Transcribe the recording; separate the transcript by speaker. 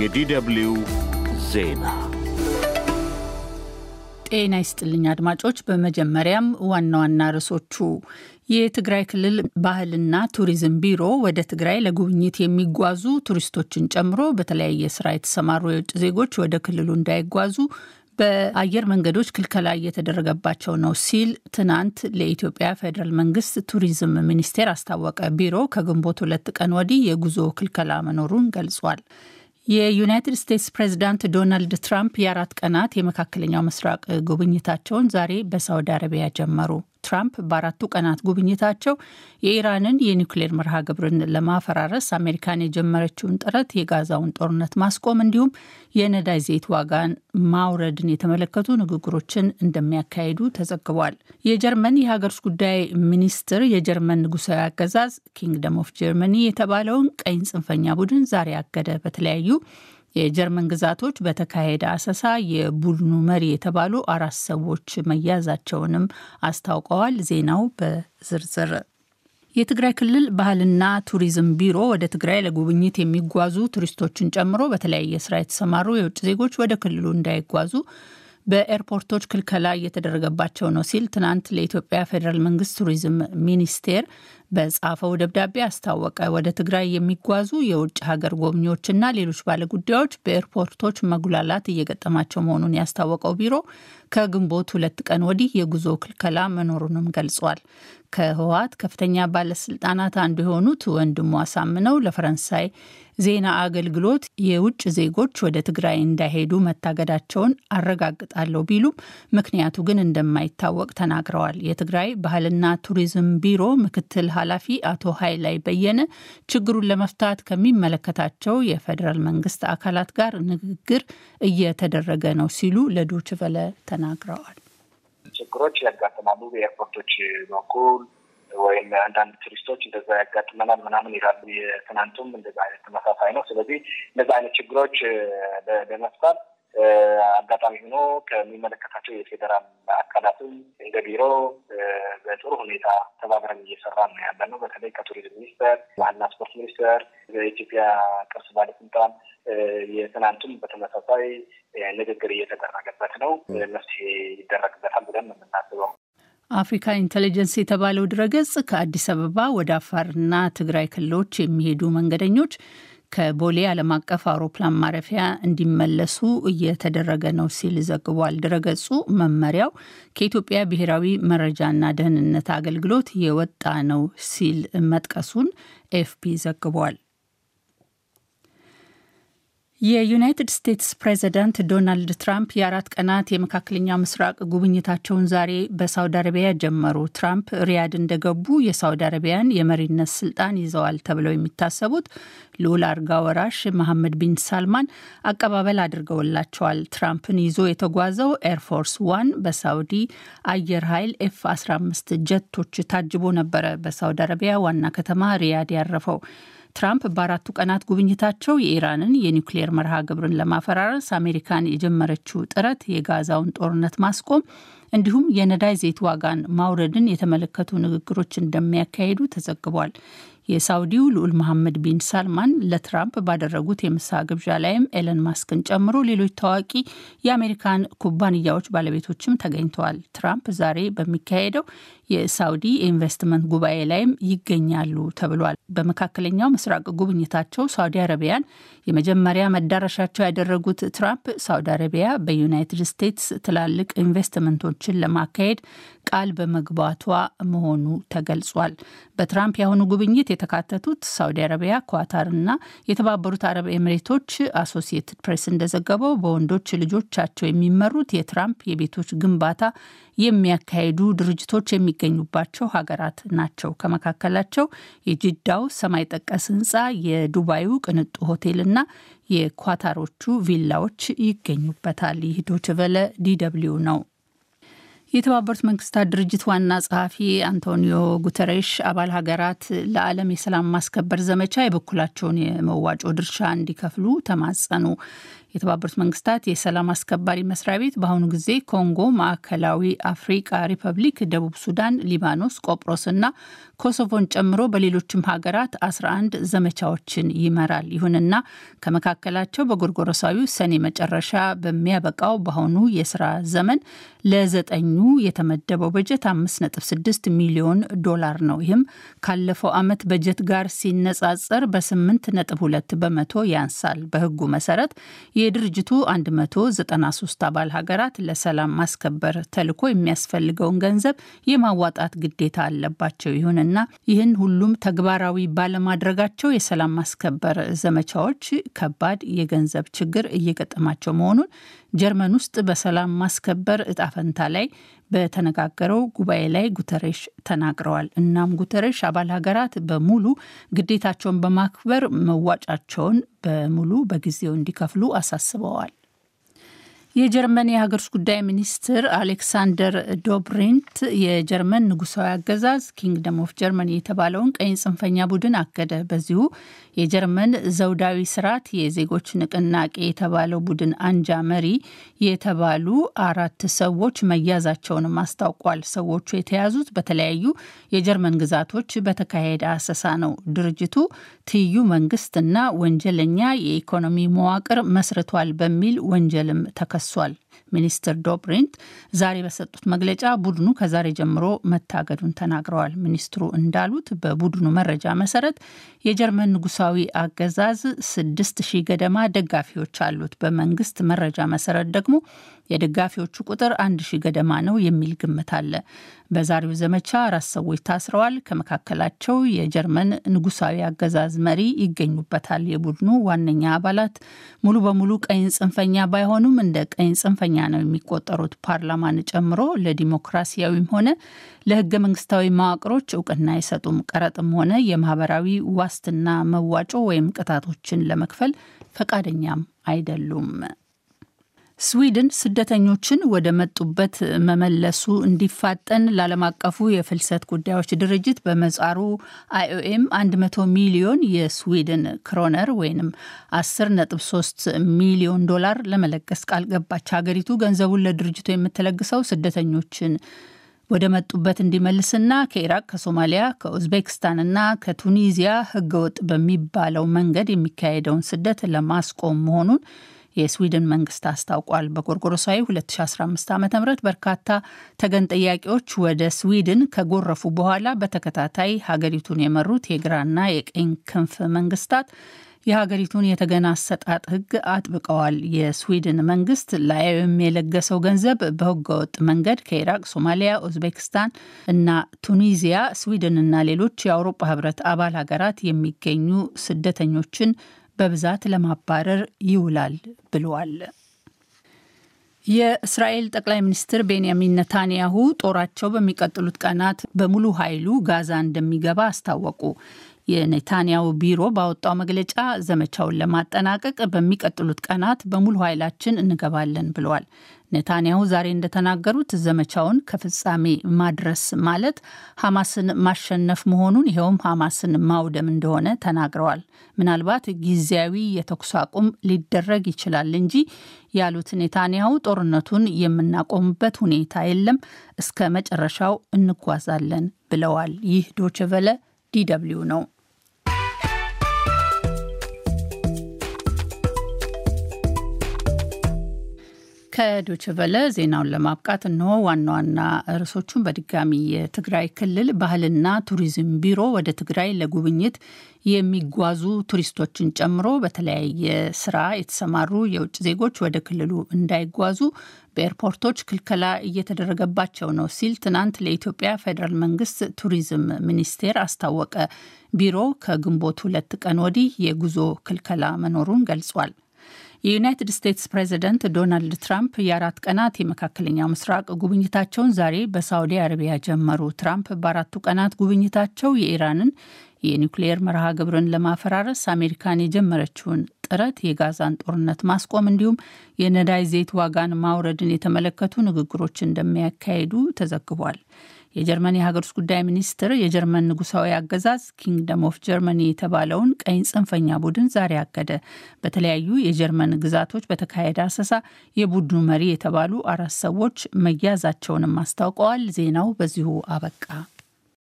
Speaker 1: የዲደብልዩ ዜና ጤና ይስጥልኝ አድማጮች። በመጀመሪያም ዋና ዋና ርዕሶቹ የትግራይ ክልል ባህልና ቱሪዝም ቢሮ ወደ ትግራይ ለጉብኝት የሚጓዙ ቱሪስቶችን ጨምሮ በተለያየ ስራ የተሰማሩ የውጭ ዜጎች ወደ ክልሉ እንዳይጓዙ በአየር መንገዶች ክልከላ እየተደረገባቸው ነው ሲል ትናንት ለኢትዮጵያ ፌዴራል መንግስት ቱሪዝም ሚኒስቴር አስታወቀ። ቢሮው ከግንቦት ሁለት ቀን ወዲህ የጉዞ ክልከላ መኖሩን ገልጿል። የዩናይትድ ስቴትስ ፕሬዚዳንት ዶናልድ ትራምፕ የአራት ቀናት የመካከለኛው ምስራቅ ጉብኝታቸውን ዛሬ በሳውዲ አረቢያ ጀመሩ። ትራምፕ በአራቱ ቀናት ጉብኝታቸው የኢራንን የኒውክሌር መርሃ ግብርን ለማፈራረስ አሜሪካን የጀመረችውን ጥረት፣ የጋዛውን ጦርነት ማስቆም እንዲሁም የነዳጅ ዘይት ዋጋን ማውረድን የተመለከቱ ንግግሮችን እንደሚያካሂዱ ተዘግቧል። የጀርመን የሀገር ውስጥ ጉዳይ ሚኒስትር የጀርመን ንጉሳዊ አገዛዝ ኪንግደም ኦፍ ጀርመኒ የተባለውን ቀኝ ጽንፈኛ ቡድን ዛሬ አገደ። በተለያዩ የጀርመን ግዛቶች በተካሄደ አሰሳ የቡድኑ መሪ የተባሉ አራት ሰዎች መያዛቸውንም አስታውቀዋል። ዜናው በዝርዝር የትግራይ ክልል ባህልና ቱሪዝም ቢሮ ወደ ትግራይ ለጉብኝት የሚጓዙ ቱሪስቶችን ጨምሮ በተለያየ ስራ የተሰማሩ የውጭ ዜጎች ወደ ክልሉ እንዳይጓዙ በኤርፖርቶች ክልከላ እየተደረገባቸው ነው ሲል ትናንት ለኢትዮጵያ ፌዴራል መንግስት ቱሪዝም ሚኒስቴር በጻፈው ደብዳቤ አስታወቀ። ወደ ትግራይ የሚጓዙ የውጭ ሀገር ጎብኚዎችና ሌሎች ባለጉዳዮች በኤርፖርቶች መጉላላት እየገጠማቸው መሆኑን ያስታወቀው ቢሮ ከግንቦት ሁለት ቀን ወዲህ የጉዞ ክልከላ መኖሩንም ገልጿል። ከህወሓት ከፍተኛ ባለስልጣናት አንዱ የሆኑት ወንድሙ አሳምነው ለፈረንሳይ ዜና አገልግሎት የውጭ ዜጎች ወደ ትግራይ እንዳይሄዱ መታገዳቸውን አረጋግጣለሁ ቢሉም ምክንያቱ ግን እንደማይታወቅ ተናግረዋል። የትግራይ ባህልና ቱሪዝም ቢሮ ምክትል ኃላፊ አቶ ሀይላይ በየነ ችግሩን ለመፍታት ከሚመለከታቸው የፌዴራል መንግስት አካላት ጋር ንግግር እየተደረገ ነው ሲሉ ለዶችቨለ ተናግረዋል። ችግሮች ያጋጥማሉ። በኤርፖርቶች በኩል ወይም አንዳንድ ቱሪስቶች እንደዛ ያጋጥመናል ምናምን ይላሉ። የትናንቱም እንደዛ አይነት ተመሳሳይ ነው። ስለዚህ እንደዛ አይነት ችግሮች ለመፍታት አጋጣሚ ሆኖ ከሚመለከታቸው የፌዴራል አካላትም እንደ ቢሮ በጥሩ ሁኔታ ተባብረን እየሰራ ነው ያለ ነው። በተለይ ከቱሪዝም ሚኒስቴር፣ ባህልና ስፖርት ሚኒስቴር፣ በኢትዮጵያ ቅርስ ባለስልጣን የትናንቱም በተመሳሳይ ንግግር እየተደረገበት ነው። መፍትሄ ይደረግበታል ብለን የምናስበው። አፍሪካ ኢንቴሊጀንስ የተባለው ድረገጽ ከአዲስ አበባ ወደ አፋርና ትግራይ ክልሎች የሚሄዱ መንገደኞች ከቦሌ ዓለም አቀፍ አውሮፕላን ማረፊያ እንዲመለሱ እየተደረገ ነው ሲል ዘግቧል። ድረገጹ መመሪያው ከኢትዮጵያ ብሔራዊ መረጃና ደህንነት አገልግሎት የወጣ ነው ሲል መጥቀሱን ኤፍፒ ዘግቧል። የዩናይትድ ስቴትስ ፕሬዝዳንት ዶናልድ ትራምፕ የአራት ቀናት የመካከለኛ ምስራቅ ጉብኝታቸውን ዛሬ በሳውዲ አረቢያ ጀመሩ። ትራምፕ ሪያድ እንደገቡ የሳውዲ አረቢያን የመሪነት ስልጣን ይዘዋል ተብለው የሚታሰቡት ልዑል አልጋ ወራሽ መሐመድ ቢን ሳልማን አቀባበል አድርገውላቸዋል። ትራምፕን ይዞ የተጓዘው ኤርፎርስ ዋን በሳውዲ አየር ኃይል ኤፍ 15 ጀቶች ታጅቦ ነበረ በሳውዲ አረቢያ ዋና ከተማ ሪያድ ያረፈው። ትራምፕ በአራቱ ቀናት ጉብኝታቸው የኢራንን የኒውክሌር መርሃ ግብርን ለማፈራረስ አሜሪካን የጀመረችው ጥረት የጋዛውን ጦርነት ማስቆም እንዲሁም የነዳጅ ዘይት ዋጋን ማውረድን የተመለከቱ ንግግሮች እንደሚያካሂዱ ተዘግቧል። የሳውዲው ልዑል መሐመድ ቢን ሳልማን ለትራምፕ ባደረጉት የምሳ ግብዣ ላይም ኤለን ማስክን ጨምሮ ሌሎች ታዋቂ የአሜሪካን ኩባንያዎች ባለቤቶችም ተገኝተዋል። ትራምፕ ዛሬ በሚካሄደው የሳውዲ ኢንቨስትመንት ጉባኤ ላይም ይገኛሉ ተብሏል። በመካከለኛው ምስራቅ ጉብኝታቸው ሳውዲ አረቢያን የመጀመሪያ መዳረሻቸው ያደረጉት ትራምፕ ሳውዲ አረቢያ በዩናይትድ ስቴትስ ትላልቅ ኢንቨስትመንቶችን ለማካሄድ ቃል በመግባቷ መሆኑ ተገልጿል። በትራምፕ የአሁኑ ጉብኝት የተካተቱት ሳውዲ አረቢያ፣ ኳታርና የተባበሩት አረብ ኤምሬቶች። አሶሲየትድ ፕሬስ እንደዘገበው በወንዶች ልጆቻቸው የሚመሩት የትራምፕ የቤቶች ግንባታ የሚያካሂዱ ድርጅቶች የሚገኙባቸው ሀገራት ናቸው። ከመካከላቸው የጅዳው ሰማይ ጠቀስ ህንፃ፣ የዱባዩ ቅንጡ ሆቴልና የኳታሮቹ ቪላዎች ይገኙበታል። ይህ ዶችቨለ ዲ ነው። የተባበሩት መንግስታት ድርጅት ዋና ጸሐፊ አንቶኒዮ ጉተሬሽ አባል ሀገራት ለዓለም የሰላም ማስከበር ዘመቻ የበኩላቸውን የመዋጮ ድርሻ እንዲከፍሉ ተማጸኑ። የተባበሩት መንግስታት የሰላም አስከባሪ መስሪያ ቤት በአሁኑ ጊዜ ኮንጎ፣ ማዕከላዊ አፍሪቃ ሪፐብሊክ፣ ደቡብ ሱዳን፣ ሊባኖስ፣ እና ኮሶቮን ጨምሮ በሌሎችም ሀገራት 11 ዘመቻዎችን ይመራል። ይሁንና ከመካከላቸው በጎርጎረሳዊ ሰኔ መጨረሻ በሚያበቃው በአሁኑ የስራ ዘመን ለዘጠኙ የተመደበው በጀት 5.6 ሚሊዮን ዶላር ነው። ይህም ካለፈው ዓመት በጀት ጋር ሲነጻጸር በ8.2 በመቶ ያንሳል። በህጉ መሰረት የድርጅቱ 193 አባል ሀገራት ለሰላም ማስከበር ተልዕኮ የሚያስፈልገውን ገንዘብ የማዋጣት ግዴታ አለባቸው። ይሁንና ይህን ሁሉም ተግባራዊ ባለማድረጋቸው የሰላም ማስከበር ዘመቻዎች ከባድ የገንዘብ ችግር እየገጠማቸው መሆኑን ጀርመን ውስጥ በሰላም ማስከበር እጣፈንታ ላይ በተነጋገረው ጉባኤ ላይ ጉተሬሽ ተናግረዋል። እናም ጉተሬሽ አባል ሀገራት በሙሉ ግዴታቸውን በማክበር መዋጫቸውን በሙሉ በጊዜው እንዲከፍሉ አሳስበዋል። የጀርመን የሀገር ውስጥ ጉዳይ ሚኒስትር አሌክሳንደር ዶብሪንት የጀርመን ንጉሳዊ አገዛዝ ኪንግደም ኦፍ ጀርመን የተባለውን ቀኝ ጽንፈኛ ቡድን አገደ። በዚሁ የጀርመን ዘውዳዊ ስርዓት የዜጎች ንቅናቄ የተባለው ቡድን አንጃ መሪ የተባሉ አራት ሰዎች መያዛቸውንም አስታውቋል። ሰዎቹ የተያዙት በተለያዩ የጀርመን ግዛቶች በተካሄደ አሰሳ ነው። ድርጅቱ ትይዩ መንግስትና ወንጀለኛ የኢኮኖሚ መዋቅር መስርቷል በሚል ወንጀልም ተከስ ከሷል። ሚኒስትር ዶብሪንት ዛሬ በሰጡት መግለጫ ቡድኑ ከዛሬ ጀምሮ መታገዱን ተናግረዋል። ሚኒስትሩ እንዳሉት በቡድኑ መረጃ መሰረት የጀርመን ንጉሳዊ አገዛዝ ስድስት ሺህ ገደማ ደጋፊዎች አሉት። በመንግስት መረጃ መሰረት ደግሞ የደጋፊዎቹ ቁጥር አንድ ሺህ ገደማ ነው የሚል ግምት አለ። በዛሬው ዘመቻ አራት ሰዎች ታስረዋል። ከመካከላቸው የጀርመን ንጉሳዊ አገዛዝ መሪ ይገኙበታል። የቡድኑ ዋነኛ አባላት ሙሉ በሙሉ ቀኝ ጽንፈኛ ባይሆኑም እንደ ቀኝ ጽንፈኛ ነው የሚቆጠሩት። ፓርላማን ጨምሮ ለዲሞክራሲያዊም ሆነ ለህገ መንግስታዊ መዋቅሮች እውቅና አይሰጡም። ቀረጥም ሆነ የማህበራዊ ዋስትና መዋጮ ወይም ቅጣቶችን ለመክፈል ፈቃደኛም አይደሉም። ስዊድን ስደተኞችን ወደ መጡበት መመለሱ እንዲፋጠን ለዓለም አቀፉ የፍልሰት ጉዳዮች ድርጅት በመጻሩ አይኦኤም 100 ሚሊዮን የስዊድን ክሮነር ወይም 10.3 ሚሊዮን ዶላር ለመለገስ ቃል ገባች። ሀገሪቱ ገንዘቡን ለድርጅቱ የምትለግሰው ስደተኞችን ወደ መጡበት እንዲመልስና ከኢራቅ፣ ከሶማሊያ፣ ከኡዝቤክስታንና ከቱኒዚያ ህገወጥ በሚባለው መንገድ የሚካሄደውን ስደት ለማስቆም መሆኑን የስዊድን መንግስት አስታውቋል። በጎርጎሮሳዊ 2015 ዓ ም በርካታ ተገን ጠያቂዎች ወደ ስዊድን ከጎረፉ በኋላ በተከታታይ ሀገሪቱን የመሩት የግራና የቀኝ ክንፍ መንግስታት የሀገሪቱን የተገና አሰጣጥ ህግ አጥብቀዋል። የስዊድን መንግስት ለአይኤም የለገሰው ገንዘብ በህገወጥ መንገድ ከኢራቅ፣ ሶማሊያ፣ ኡዝቤክስታን እና ቱኒዚያ ስዊድንና ሌሎች የአውሮፓ ህብረት አባል ሀገራት የሚገኙ ስደተኞችን በብዛት ለማባረር ይውላል ብለዋል። የእስራኤል ጠቅላይ ሚኒስትር ቤንያሚን ነታንያሁ ጦራቸው በሚቀጥሉት ቀናት በሙሉ ኃይሉ ጋዛ እንደሚገባ አስታወቁ። የኔታንያው ቢሮ ባወጣው መግለጫ ዘመቻውን ለማጠናቀቅ በሚቀጥሉት ቀናት በሙሉ ኃይላችን እንገባለን ብለዋል። ኔታንያሁ ዛሬ እንደተናገሩት ዘመቻውን ከፍጻሜ ማድረስ ማለት ሐማስን ማሸነፍ መሆኑን ይኸውም ሐማስን ማውደም እንደሆነ ተናግረዋል። ምናልባት ጊዜያዊ የተኩስ አቁም ሊደረግ ይችላል እንጂ ያሉት ኔታንያሁ ጦርነቱን የምናቆምበት ሁኔታ የለም፣ እስከ መጨረሻው እንጓዛለን ብለዋል። ይህ ዶችቨለ ዲደብሊው ነው። ከዶችቨለ ዜናውን ለማብቃት እንሆ ዋና ዋና ርዕሶቹን በድጋሚ የትግራይ ክልል ባህልና ቱሪዝም ቢሮ ወደ ትግራይ ለጉብኝት የሚጓዙ ቱሪስቶችን ጨምሮ በተለያየ ስራ የተሰማሩ የውጭ ዜጎች ወደ ክልሉ እንዳይጓዙ በኤርፖርቶች ክልከላ እየተደረገባቸው ነው ሲል ትናንት ለኢትዮጵያ ፌዴራል መንግስት ቱሪዝም ሚኒስቴር አስታወቀ። ቢሮው ከግንቦት ሁለት ቀን ወዲህ የጉዞ ክልከላ መኖሩን ገልጿል። የዩናይትድ ስቴትስ ፕሬዝደንት ዶናልድ ትራምፕ የአራት ቀናት የመካከለኛው ምስራቅ ጉብኝታቸውን ዛሬ በሳውዲ አረቢያ ጀመሩ። ትራምፕ በአራቱ ቀናት ጉብኝታቸው የኢራንን የኒውክሌየር መርሃ ግብርን ለማፈራረስ አሜሪካን የጀመረችውን ጥረት፣ የጋዛን ጦርነት ማስቆም እንዲሁም የነዳጅ ዘይት ዋጋን ማውረድን የተመለከቱ ንግግሮች እንደሚያካሂዱ ተዘግቧል። የጀርመን የሀገር ውስጥ ጉዳይ ሚኒስትር የጀርመን ንጉሳዊ አገዛዝ ኪንግደም ኦፍ ጀርመኒ የተባለውን ቀኝ ጽንፈኛ ቡድን ዛሬ አገደ። በተለያዩ የጀርመን ግዛቶች በተካሄደ አሰሳ የቡድኑ መሪ የተባሉ አራት ሰዎች መያዛቸውንም አስታውቀዋል። ዜናው በዚሁ አበቃ።